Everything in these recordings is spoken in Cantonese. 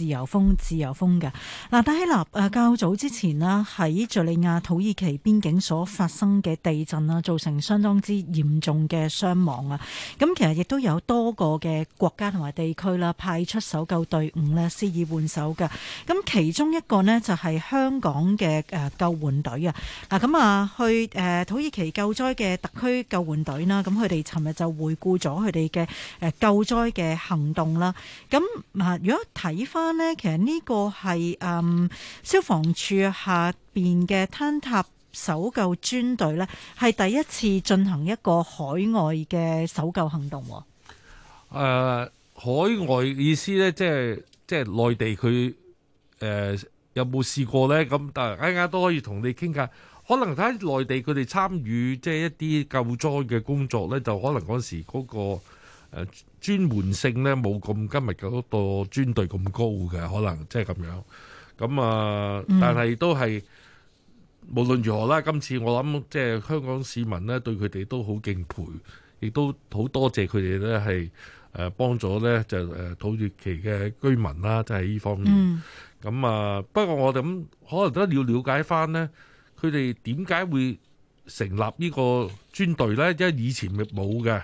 自由風，自由風嘅嗱，但喺立誒較早之前啦，喺敘利亞土耳其邊境所發生嘅地震啦，造成相當之嚴重嘅傷亡啊。咁其實亦都有多個嘅國家同埋地區啦，派出搜救隊伍呢，施以援手嘅。咁其中一個呢，就係香港嘅誒救援隊啊。嗱，咁啊去誒土耳其救災嘅特區救援隊啦。咁佢哋尋日就回顧咗佢哋嘅誒救災嘅行動啦。咁啊，如果睇返。這嗯、呢，其實呢個係誒消防處下邊嘅坍塌搜救專隊呢係第一次進行一個海外嘅搜救行動、哦。誒、呃，海外意思呢、就是，即係即係內地佢誒、呃、有冇試過呢？咁但係啱啱都可以同你傾下，可能睇內地佢哋參與即係一啲救災嘅工作呢就可能嗰時嗰、那個。誒專門性咧，冇，咁今日嗰個專隊咁高嘅，可能即係咁樣。咁啊，但係都係無論如何啦，今次我諗即係香港市民咧，對佢哋都好敬佩，亦都好多謝佢哋咧，係誒幫咗咧，就誒土耳其嘅居民啦，即係呢方面。咁啊，不過我諗可能都要了解翻咧，佢哋點解會成立呢個專隊咧？因為以前咪冇嘅。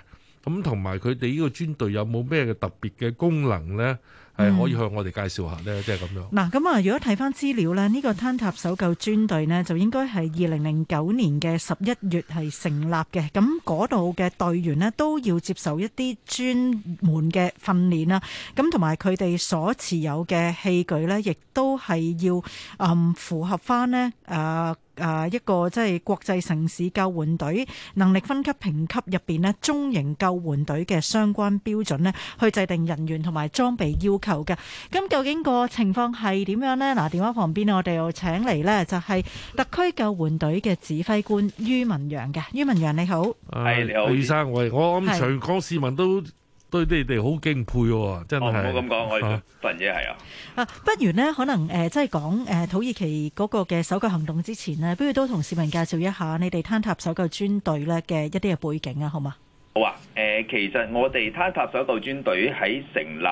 咁同埋佢哋呢個專隊有冇咩特別嘅功能呢？係可以向我哋介紹下呢，即係咁樣。嗱，咁啊，如果睇翻資料呢，呢個坍塌搜救專隊呢，就應該係二零零九年嘅十一月係成立嘅。咁嗰度嘅隊員呢，都要接受一啲專門嘅訓練啦。咁同埋佢哋所持有嘅器具呢，亦都係要嗯符合翻呢誒。啊！一個即係國際城市救援隊能力分級評級入邊呢，中型救援隊嘅相關標準呢，去制定人員同埋裝備要求嘅。咁究竟個情況係點樣呢？嗱，電話旁邊我哋又請嚟呢，就係、是、特區救援隊嘅指揮官于文陽嘅。于文陽你好，係、啊、你好，醫是生，我我諗全港市民都。對你哋好敬佩。哦，真係。唔好咁講，我份嘢係啊。啊，不如呢，可能誒，即係講誒土耳其嗰個嘅搜救行動之前咧，不如都同市民介紹一下你哋坍塌搜救專隊咧嘅一啲嘅背景啊，好嘛？好啊。誒、呃，其實我哋坍塌搜救專隊喺成立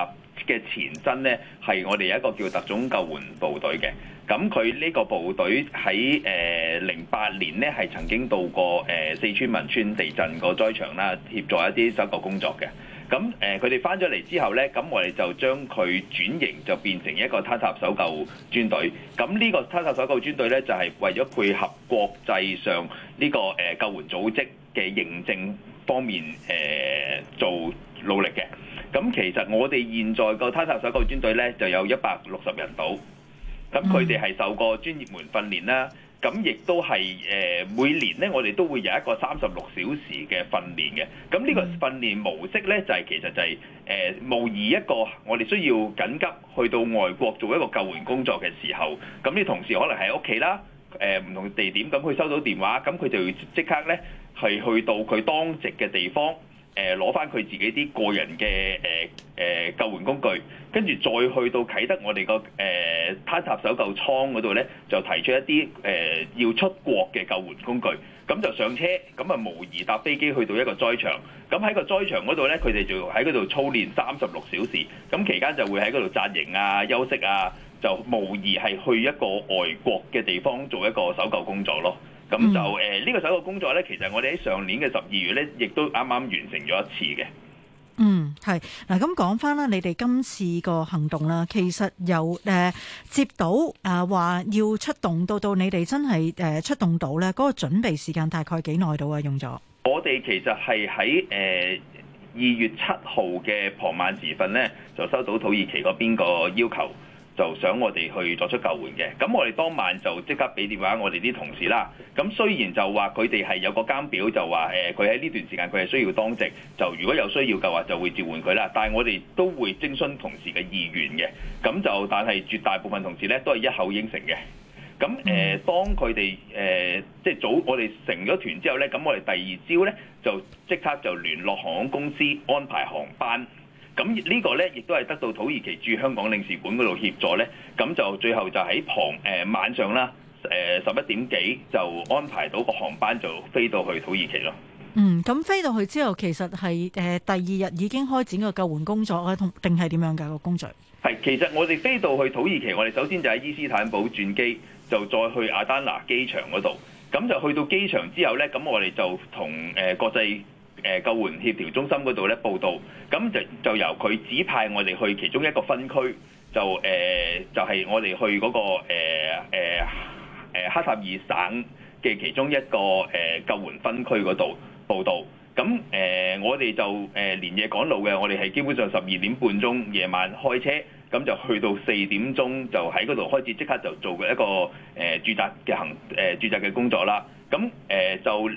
嘅前身呢，係我哋一個叫特種救援部隊嘅。咁佢呢個部隊喺誒零八年呢，係曾經到過誒、呃、四川汶川地震個災場啦，協助一啲搜救工作嘅。咁誒，佢哋翻咗嚟之後呢，咁我哋就將佢轉型，就變成一個坍塌搜救專隊。咁呢個坍塌搜救專隊呢，就係為咗配合國際上呢個誒救援組織嘅認證方面、呃、做努力嘅。咁其實我哋現在個坍塌搜救專隊呢，就有一百六十人到。咁佢哋係受過專業門訓練啦。咁亦都係、呃、每年呢，我哋都會有一個三十六小時嘅訓練嘅。咁呢個訓練模式呢，就係、係、其實就係、係、誒、呃、模擬一個我哋需要緊急去到外國做一個救援工作嘅時候，咁啲同事可能喺屋企啦，唔、呃、同地點，咁佢收到電話，咁佢就要即刻呢，係去到佢當值嘅地方。誒攞翻佢自己啲個人嘅誒誒救援工具，跟住再去到啟德我哋個誒坍塌搜救艙嗰度咧，就提出一啲誒、呃、要出國嘅救援工具，咁就上車，咁啊模擬搭飛機去到一個災場，咁喺個災場嗰度咧，佢哋就喺嗰度操練三十六小時，咁期間就會喺嗰度扎營啊、休息啊，就模擬係去一個外國嘅地方做一個搜救工作咯。咁就誒呢、嗯、個首個工作呢，其實我哋喺上年嘅十二月呢，亦都啱啱完成咗一次嘅。嗯，係。嗱，咁講返啦，你哋今次個行動啦，其實由誒、呃、接到啊話、呃、要出動，到到你哋真係誒、呃、出動到呢嗰、嗰個準備時間大概幾耐到啊？用咗我哋其實係喺誒二月七號嘅傍晚時分呢，就收到土耳其嗰邊個要求。就想我哋去作出救援嘅，咁我哋當晚就即刻俾電話我哋啲同事啦。咁雖然就話佢哋係有個監表就，就話佢喺呢段時間佢係需要當值，就如果有需要嘅話就會召喚佢啦。但係我哋都會徵詢同事嘅意願嘅，咁就但係絕大部分同事咧都係一口應承嘅。咁誒、呃，當佢哋即係早我哋成咗團之後咧，咁我哋第二朝咧就即刻就聯絡航空公司安排航班。咁呢個咧，亦都係得到土耳其駐香港領事館嗰度協助咧。咁就最後就喺旁誒、呃、晚上啦，誒十一點幾就安排到個航班，就飛到去土耳其咯。嗯，咁飛到去之後，其實係誒、呃、第二日已經開展個救援工作同定係點樣嘅個工序？係，其實我哋飛到去土耳其，我哋首先就喺伊斯坦堡轉機，就再去阿丹拿機場嗰度。咁就去到機場之後咧，咁我哋就同誒、呃、國際。誒救援協調中心嗰度咧報道，咁就就由佢指派我哋去其中一個分區，就誒、呃、就係、是、我哋去嗰、那個誒誒哈薩爾省嘅其中一個誒、呃、救援分區嗰度報道。咁誒、呃、我哋就誒連夜趕路嘅，我哋係基本上十二點半鐘夜晚開車，咁就去到四點鐘就喺嗰度開始即刻就做一個誒駐紮嘅行誒駐紮嘅工作啦。咁誒、呃、就。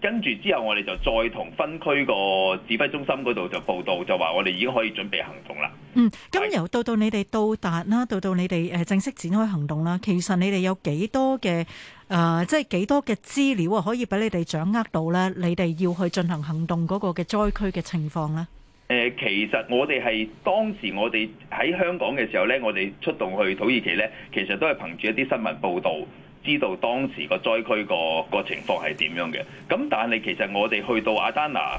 跟住之後，我哋就再同分區個指揮中心嗰度就報道，就話我哋已經可以準備行動啦、嗯。嗯，咁是由到你到你哋到達啦，到到你哋誒正式展開行動啦。其實你哋有幾多嘅誒、呃，即係幾多嘅資料啊，可以俾你哋掌握到咧？你哋要去進行行動嗰個嘅災區嘅情況咧？誒、呃，其實我哋係當時我哋喺香港嘅時候咧，我哋出動去土耳其咧，其實都係憑住一啲新聞報道。知道當時個災區個情況係點樣嘅？咁但係其實我哋去到阿丹拿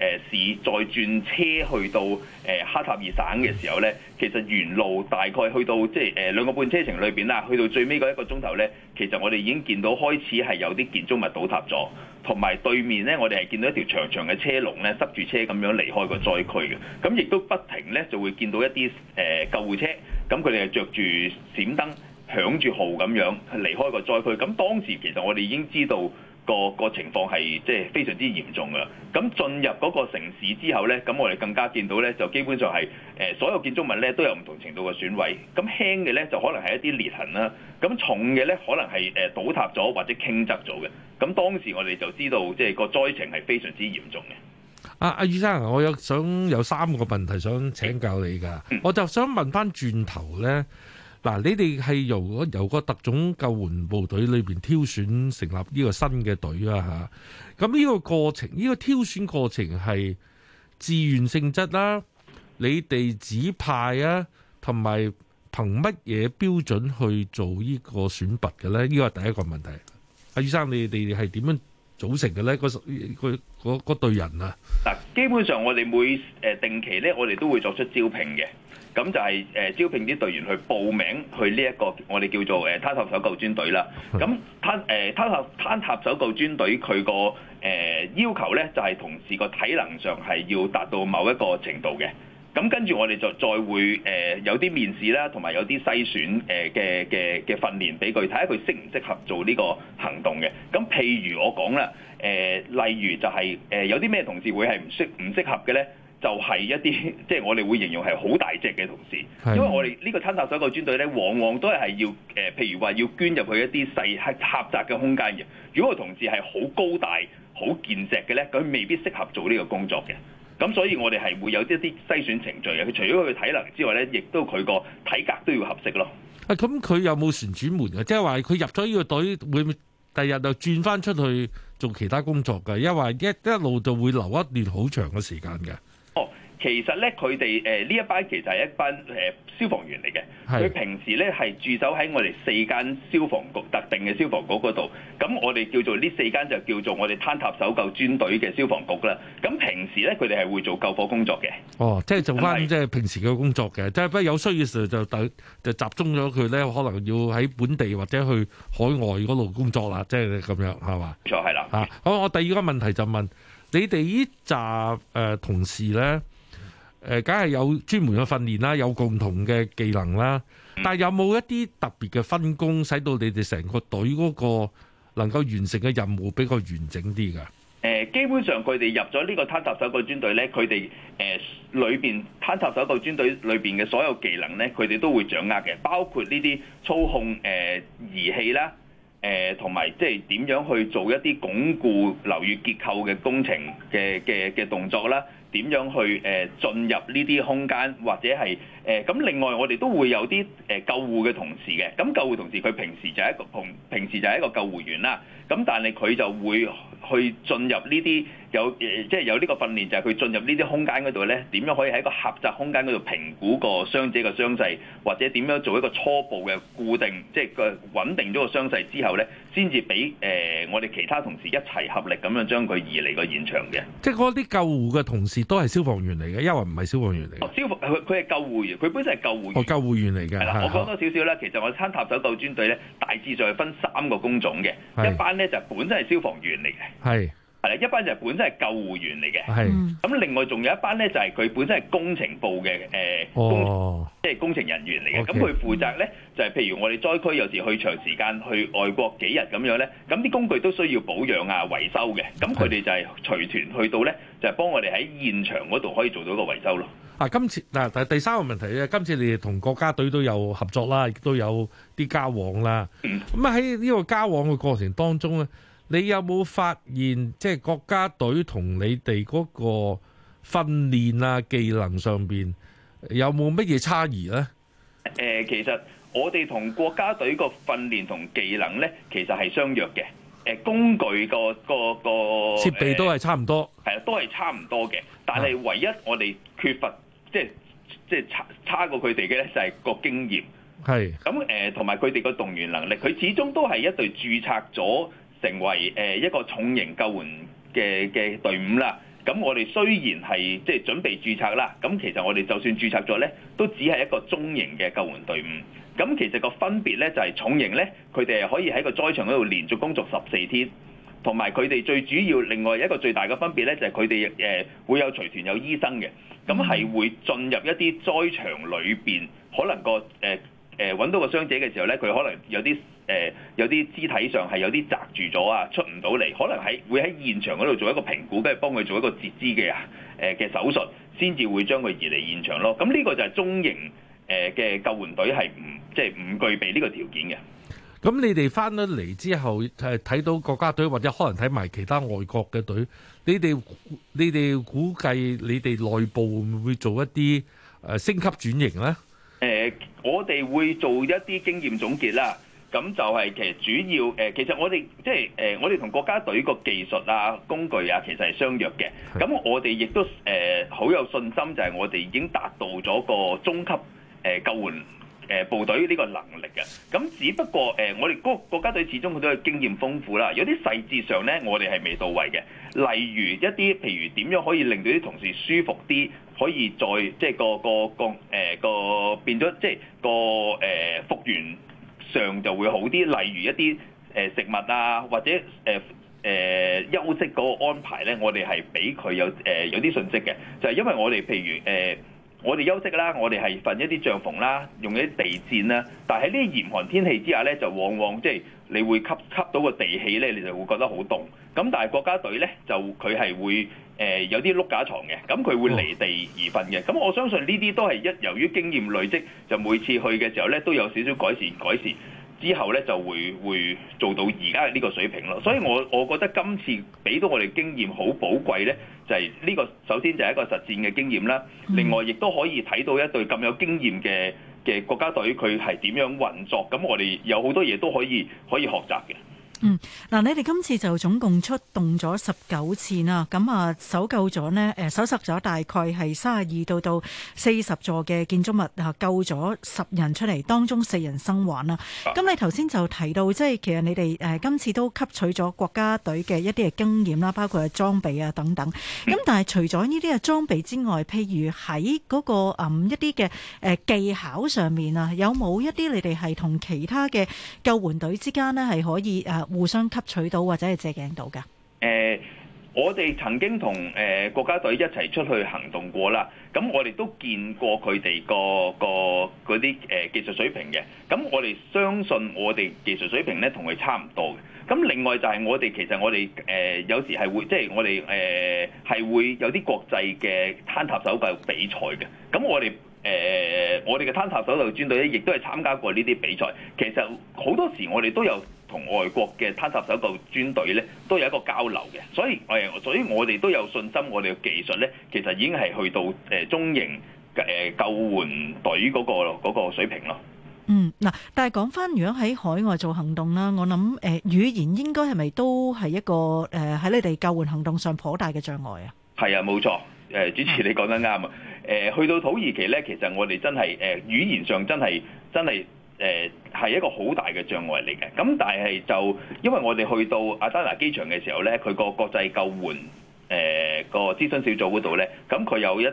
市，再轉車去到哈塔爾省嘅時候呢，其實沿路大概去到即係誒兩個半車程裏面啦，去到最尾嗰一個鐘頭呢，其實我哋已經見到開始係有啲建築物倒塌咗，同埋對面呢，我哋係見到一條長長嘅車龍呢，塞住車咁樣離開個災區嘅。咁亦都不停呢，就會見到一啲誒救護車，咁佢哋係著住閃燈。響住號咁樣離開個災區，咁當時其實我哋已經知道個個情況係即係非常之嚴重噶啦。咁進入嗰個城市之後呢，咁我哋更加見到呢，就基本上係誒、呃、所有建築物呢都有唔同程度嘅損毀。咁輕嘅呢，就可能係一啲裂痕啦，咁重嘅呢，可能係誒、呃、倒塌咗或者傾側咗嘅。咁當時我哋就知道，即係個災情係非常之嚴重嘅。阿阿于先生，我有想有三個問題想請教你㗎，嗯、我就想問翻轉頭呢。嗱，你哋係由個由個特種救援部隊裏邊挑選成立呢個新嘅隊啊嚇？咁呢個過程，呢、這個挑選過程係自願性質啦、啊，你哋指派啊，同埋憑乜嘢標準去做呢個選拔嘅咧？呢、這個係第一個問題。阿于生，你哋係點樣組成嘅咧？嗰十個隊人啊？嗱，基本上我哋每誒定期咧，我哋都會作出招聘嘅。咁就係、是呃、招聘啲隊員去報名去呢、這、一個我哋叫做誒坍手搜救專隊啦。咁坍誒坍搜救專隊佢個、呃、要求呢就係、是、同事個體能上係要達到某一個程度嘅。咁跟住我哋就再會、呃、有啲面試啦，同埋有啲篩選嘅嘅嘅訓練俾佢，睇下佢適唔適合做呢個行動嘅。咁譬如我講啦、呃，例如就係、是呃、有啲咩同事會係唔適唔適合嘅呢？就係一啲即係我哋會形容係好大隻嘅同事，因為我哋呢個坍塌搜救專隊咧，往往都係要誒、呃，譬如話要捐入去一啲細係狹窄嘅空間嘅。如果個同事係好高大、好健碩嘅咧，佢未必適合做呢個工作嘅。咁所以我哋係會有一啲篩選程序嘅。佢除咗佢體能之外咧，亦都佢個體格都要合適咯。啊，咁佢有冇旋轉門嘅？即係話佢入咗呢個隊，會第日就轉翻出去做其他工作嘅？因為一一路就會留一段好長嘅時間嘅。其實咧，佢哋誒呢一班其實係一班誒、呃、消防員嚟嘅。佢平時咧，係駐守喺我哋四間消防局、特定嘅消防局嗰度。咁我哋叫做呢四間就叫做我哋坍塌搜救專隊嘅消防局啦。咁平時咧，佢哋係會做救火工作嘅。哦，即係做翻即係平時嘅工作嘅，但是即係不過有需要嘅時候就等就集中咗佢咧，可能要喺本地或者去海外嗰度工作啦。即係咁樣係嘛？冇錯，係啦嚇。好，我第二個問題就問你哋呢扎誒同事咧。誒，梗係有專門嘅訓練啦，有共同嘅技能啦，但係有冇一啲特別嘅分工，使到你哋成個隊嗰個能夠完成嘅任務比較完整啲㗎？誒、呃，基本上佢哋入咗呢個坍塌搜救專隊咧，佢哋誒裏邊坍塌搜救專隊裏邊嘅所有技能咧，佢哋都會掌握嘅，包括呢啲操控誒儀、呃、器啦，誒同埋即係點樣去做一啲鞏固樓宇結構嘅工程嘅嘅嘅動作啦。點樣去誒進入呢啲空間，或者係誒咁？呃、另外，我哋都會有啲誒救護嘅同事嘅。咁救護同事佢平時就係一個同平時就係一個救護員啦。咁但係佢就會去進入呢啲有誒，即係有呢個訓練，就係、是、佢進入呢啲空間嗰度呢，點樣可以喺一個狹窄空間嗰度評估個傷者嘅傷勢，或者點樣做一個初步嘅固定，即係個穩定咗個傷勢之後呢，先至俾誒我哋其他同事一齊合力咁樣將佢移離個現場嘅。即係嗰啲救護嘅同事都係消防員嚟嘅，因為唔係消防員嚟。消防佢，佢係救護員，佢本身係救護員。哦、救護員嚟嘅。了的我講多少少呢？的其實我坍塌搜救專隊呢，大致上係分三個工種嘅，的一班咧就本身係消防員嚟嘅。係。係啦，一班就係本身係救護員嚟嘅，咁是另外仲有一班咧就係佢本身係工程部嘅誒，即係、哦、工程人員嚟嘅。咁佢 Okay. 負責咧就係、是、譬如我哋災區有時去長時間去外國幾日咁樣咧，咁啲工具都需要保養啊、維修嘅。咁佢哋就係隨團去到咧，就係、是、幫我哋喺現場嗰度可以做到一個維修咯。啊，今次嗱、啊，第三個問題咧，今次你哋同國家隊都有合作啦，亦都有啲交往啦。咁啊喺呢個交往嘅過程當中咧。你有冇發現，即係國家隊同你哋嗰個訓練啊、技能上邊有冇乜嘢差異呢？誒、呃，其實我哋同國家隊個訓練同技能呢，其實係相若嘅。誒、呃，工具個個個設備都係差唔多，係啊、呃，都係差唔多嘅。但係唯一我哋缺乏，即係即係差差過佢哋嘅呢，就係個經驗係咁誒，同埋佢哋個動員能力。佢始終都係一隊註冊咗。成為誒一個重型救援嘅嘅隊伍啦，咁我哋雖然係即係準備註冊啦，咁其實我哋就算註冊咗呢，都只係一個中型嘅救援隊伍。咁其實個分別呢，就係重型呢，佢哋可以喺個災場嗰度連續工作十四天，同埋佢哋最主要另外一個最大嘅分別呢，就係佢哋誒會有隨團有醫生嘅，咁係會進入一啲災場裏邊可能個誒。呃誒揾到個傷者嘅時候咧，佢可能有啲誒有啲肢體上係有啲紮住咗啊，出唔到嚟，可能係會喺現場嗰度做一個評估，跟住幫佢做一個截肢嘅啊誒嘅手術，先至會將佢移嚟現場咯。咁呢個就係中型誒嘅救援隊係唔即係唔具備呢個條件嘅。咁你哋翻咗嚟之後，誒睇到國家隊或者可能睇埋其他外國嘅隊，你哋你哋估計你哋內部會唔會做一啲誒升級轉型咧？誒、呃，我哋會做一啲經驗總結啦。咁就係其實主要誒、呃，其實我哋即係誒，我哋同國家隊個技術啊、工具啊，其實係相若嘅。咁我哋亦都誒好、呃、有信心，就係我哋已經達到咗個中級誒、呃、救援誒部隊呢個能力嘅，咁只不過誒我哋個國家隊始終佢都係經驗豐富啦，有啲細節上咧我哋係未到位嘅，例如一啲譬如點樣可以令到啲同事舒服啲，可以再即係個個個誒個變咗即係個誒復原上就會好啲，例如一啲食物啊或者誒誒休息嗰個安排咧，我哋係俾佢有誒有啲信息嘅，就係因為我哋譬如誒。我哋休息啦，我哋係瞓一啲帳篷啦，用一啲地墊啦。但係呢啲嚴寒天氣之下呢，就往往即係、就是、你會吸吸到個地氣呢，你就會覺得好凍。咁但係國家隊呢，就佢係會、呃、有啲碌架床嘅，咁佢會離地而瞓嘅。咁、哦、我相信呢啲都係一由於經驗累積，就每次去嘅時候呢，都有少少改善改善。之後咧就會會做到而家嘅呢個水平咯，所以我我覺得今次俾到我哋經驗好寶貴呢，就係呢個首先就係一個實戰嘅經驗啦，另外亦都可以睇到一隊咁有經驗嘅嘅國家隊佢係點樣運作，咁我哋有好多嘢都可以可以學習嘅。嗯，嗱、啊，你哋今次就總共出動咗十九次啊，咁啊搜救咗呢，誒搜索咗大概係卅二到到四十座嘅建築物，啊、救咗十人出嚟，當中四人生還啦。咁、啊啊、你頭先就提到，即、就、係、是、其實你哋誒、啊、今次都吸取咗國家隊嘅一啲嘅經驗啦，包括係裝備啊等等。咁、嗯啊、但係除咗呢啲嘅裝備之外，譬如喺嗰、那個、嗯、一啲嘅誒技巧上面啊，有冇一啲你哋係同其他嘅救援隊之間呢？係可以誒？啊互相吸取到或者係借鏡到嘅。誒、呃，我哋曾經同誒、呃、國家隊一齊出去行動過啦。咁我哋都見過佢哋個個嗰啲誒技術水平嘅。咁我哋相信我哋技術水平咧同佢差唔多嘅。咁另外就係我哋其實我哋誒、呃、有時係會即係我哋誒係會有啲國際嘅坍塌手嘅比賽嘅。咁我哋。誒、呃，我哋嘅坍塌搜救專隊咧，亦都係參加過呢啲比賽。其實好多時我哋都有同外國嘅坍塌搜救專隊咧，都有一個交流嘅。所以誒，所以我哋都有信心，我哋嘅技術咧，其實已經係去到誒、呃、中型誒、呃、救援隊嗰、嗰個嗰個水平咯。嗯，嗱，但係講翻，如果喺海外做行動啦，我諗誒、呃、語言應該係咪都係一個誒喺、呃、你哋救援行動上頗大嘅障礙啊？係啊，冇錯。誒、呃，主持你講得啱啊！嗯誒去到土耳其咧，其實我哋真係誒、呃、語言上真係真係誒係一個好大嘅障礙嚟嘅。咁但係就因為我哋去到阿丹拿機場嘅時候咧，佢個國際救援誒、呃、那個諮詢小組嗰度咧，咁佢有一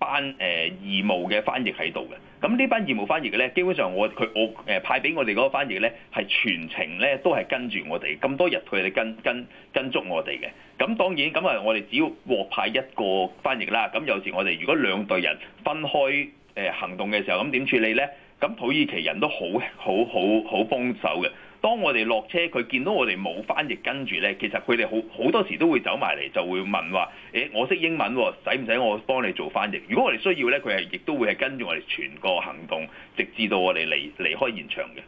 班誒、呃、義務嘅翻譯喺度嘅，咁呢班義務翻譯嘅咧，基本上我佢我誒、呃、派俾我哋嗰個翻譯咧，係全程咧都係跟住我哋咁多日佢哋跟跟跟足我哋嘅，咁當然咁啊，我哋只要獲派一個翻譯啦，咁有時我哋如果兩隊人分開誒、呃、行動嘅時候，咁點處理咧？咁土耳其人都好好好好幫手嘅。當我哋落車，佢見到我哋冇翻譯跟住呢，其實佢哋好好多時都會走埋嚟，就會問話：誒，我識英文喎，使唔使我幫你做翻譯？如果我哋需要呢，佢係亦都會係跟住我哋全個行動，直至到我哋離離開現場嘅。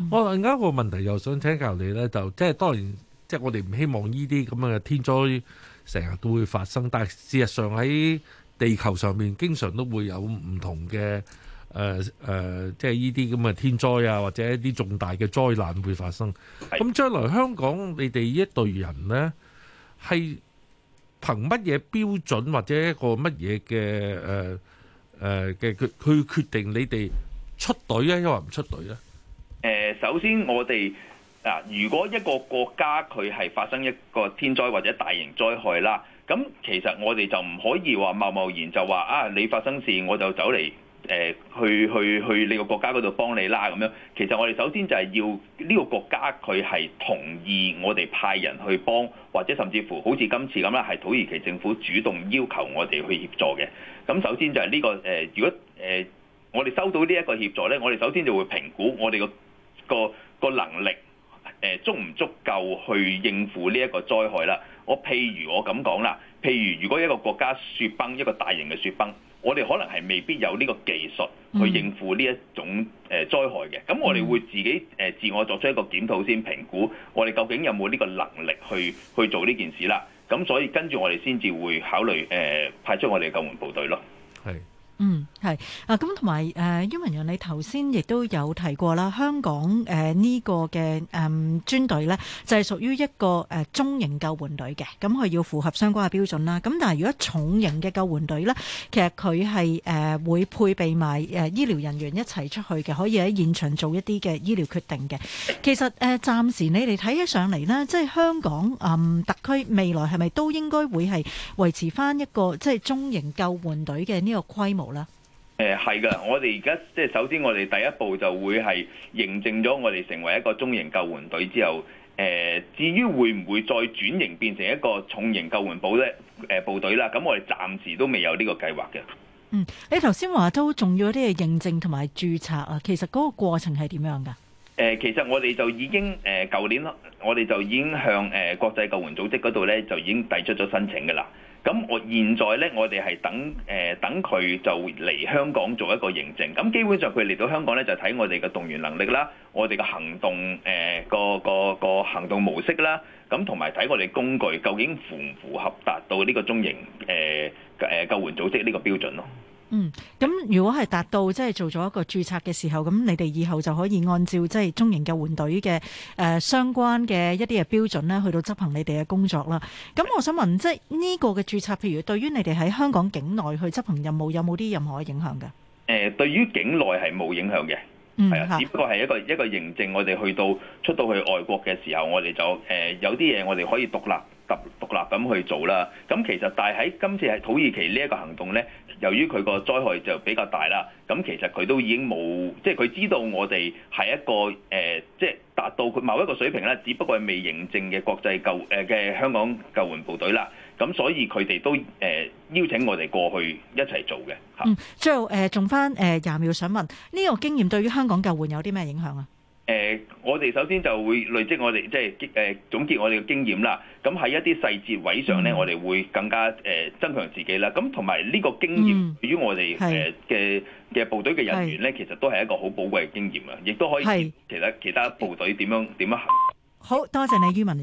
嗯。我另一個問題又想請教你呢，就即係當然，即係我哋唔希望呢啲咁嘅天災成日都會發生，但係事實上喺地球上面，經常都會有唔同嘅。誒誒、呃呃，即係呢啲咁嘅天災啊，或者一啲重大嘅災難會發生。咁將來香港你哋呢一隊人呢，係憑乜嘢標準或者一個乜嘢嘅誒誒嘅去去決定你哋出隊咧，啊，抑或唔出隊咧，啊？誒、呃，首先我哋嗱，如果一個國家佢係發生一個天災或者大型災害啦，咁其實我哋就唔可以話貿貿然就話啊，你發生事我就走嚟。誒去去去呢個國家嗰度幫你啦咁樣，其實我哋首先就係要呢個國家佢係同意我哋派人去幫，或者甚至乎好似今次咁啦，係土耳其政府主動要求我哋去協助嘅。咁首先就係呢個誒，如果誒我哋收到呢一個協助咧，我哋首先就會評估我哋個個個能力誒足唔足夠去應付呢一個災害啦。我譬如我咁講啦，譬如如果一個國家雪崩，一個大型嘅雪崩。我哋可能係未必有呢個技術去應付呢一種災害嘅，咁、嗯、我哋會自己、呃、自我作出一個檢討先評估，我哋究竟有冇呢個能力去去做呢件事啦。咁所以跟住我哋先至會考慮、呃、派出我哋救援部隊咯。係，嗯。係啊，咁同埋誒，于文陽，你頭先亦都有提過啦。香港呢個嘅誒、嗯、專隊呢，就係、是、屬於一個中型救援隊嘅，咁佢要符合相關嘅標準啦。咁但係如果重型嘅救援隊呢，其實佢係誒會配備埋誒醫療人員一齊出去嘅，可以喺現場做一啲嘅醫療決定嘅。其實、呃、暫時你哋睇起上嚟呢，即、就、係、是、香港誒、嗯、特區未來係咪都應該會係維持翻一個即係、就是、中型救援隊嘅呢個規模呢？誒，係噶、呃，我哋而家即係首先，我哋第一步就會係認證咗我哋成為一個中型救援隊之後，誒、呃，至於會唔會再轉型變成一個重型救援部咧？誒、呃，部隊啦，咁我哋暫時都未有呢個計劃嘅。嗯，你頭先話都重要啲嘅認證同埋注冊啊，其實嗰個過程係點樣噶？誒、呃，其實我哋就已經誒，舊、呃、年咯，我哋就已經向誒、呃、國際救援組織嗰度咧就已經遞出咗申請噶啦。咁我現在咧，我哋係等誒、呃、等佢就嚟香港做一個認證。咁基本上佢嚟到香港咧，就睇我哋嘅動員能力啦，我哋嘅行動誒、呃、個個個行動模式啦，咁同埋睇我哋工具究竟符唔符合達到呢個中型誒誒救援組織呢個標準咯。嗯，咁如果係達到即係做咗一個註冊嘅時候，咁你哋以後就可以按照即係中型救援隊嘅誒相關嘅一啲嘅標準咧，去到執行你哋嘅工作啦。咁我想問，即係呢個嘅註冊，譬如對於你哋喺香港境內去執行任務，有冇啲任何嘅影響㗎？誒，對於境內係冇影響嘅，係啊、嗯，是只不過係一個一個認證。我哋去到出到去外國嘅時候，我哋就誒、呃、有啲嘢我哋可以獨立。獨獨立咁去做啦，咁其實但係喺今次係土耳其呢一個行動咧，由於佢個災害就比較大啦，咁其實佢都已經冇，即係佢知道我哋係一個誒、呃，即係達到佢某一個水平啦，只不過係未認證嘅國際救誒嘅、呃、香港救援部隊啦，咁所以佢哋都誒、呃、邀請我哋過去一齊做嘅。嗯，最後誒，仲翻誒，廿秒想問呢、呢個經驗對於香港救援有啲咩影響啊？誒、呃、我哋首先就會累積我哋即係誒、呃、總結我哋嘅經驗啦。咁喺一啲細節位上咧，嗯、我哋會更加誒、呃、增強自己啦。咁同埋呢個經驗對於我哋誒嘅嘅部隊嘅人員咧，是其實都係一個好寶貴嘅經驗啊！亦都可以其他是其他部隊點樣點樣行，好多謝你，于文陽。